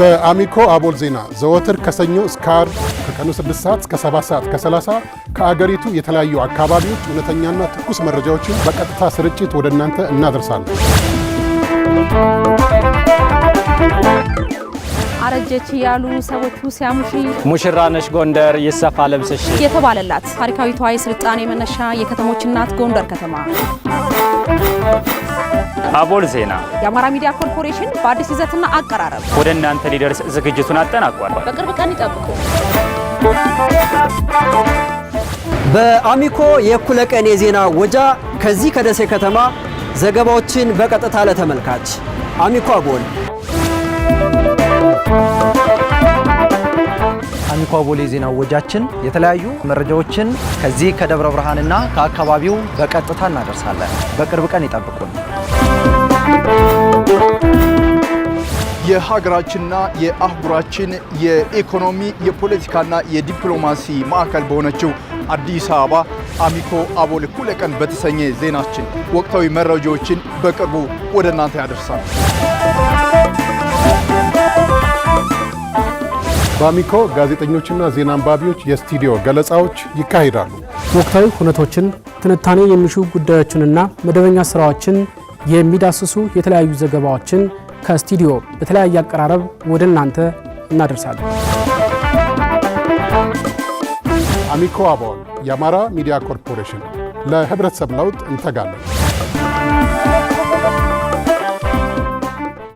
በአሚኮ አቦል ዜና ዘወትር ከሰኞ እስከ ዓርብ ከቀኑ 6 ሰዓት እስከ 7 ሰዓት ከ30 ከአገሪቱ የተለያዩ አካባቢዎች እውነተኛና ትኩስ መረጃዎችን በቀጥታ ስርጭት ወደ እናንተ እናደርሳለን። አረጀች እያሉ ሰዎቹ ሲያሙሽ ሙሽራነሽ ጎንደር ይሰፋ ለብሰሽ የተባለላት ታሪካዊቷ የስልጣኔ መነሻ የከተሞች እናት ጎንደር ከተማ አቦል ዜና የአማራ ሚዲያ ኮርፖሬሽን በአዲስ ይዘትና አቀራረብ ወደ እናንተ ሊደርስ ዝግጅቱን አጠናቋል። በቅርብ ቀን ይጠብቁ። በአሚኮ የእኩለ ቀን የዜና ወጃ ከዚህ ከደሴ ከተማ ዘገባዎችን በቀጥታ ለተመልካች አሚኮ አቦል አቦሌ ዜና ወጃችን የተለያዩ መረጃዎችን ከዚህ ከደብረ ብርሃንና ከአካባቢው በቀጥታ እናደርሳለን። በቅርብ ቀን ይጠብቁን። የሀገራችንና የአህጉራችን የኢኮኖሚ የፖለቲካና የዲፕሎማሲ ማዕከል በሆነችው አዲስ አበባ አሚኮ አቦል እኩለ ቀን በተሰኘ ዜናችን ወቅታዊ መረጃዎችን በቅርቡ ወደ እናንተ ያደርሳል። በአሚኮ ጋዜጠኞችና ዜና አንባቢዎች የስቱዲዮ ገለጻዎች ይካሄዳሉ። ወቅታዊ ሁነቶችን፣ ትንታኔ የሚሹ ጉዳዮችንና መደበኛ ስራዎችን የሚዳስሱ የተለያዩ ዘገባዎችን ከስቱዲዮ በተለያየ አቀራረብ ወደ እናንተ እናደርሳለን። አሚኮ አቦል፣ የአማራ ሚዲያ ኮርፖሬሽን። ለህብረተሰብ ለውጥ እንተጋለን።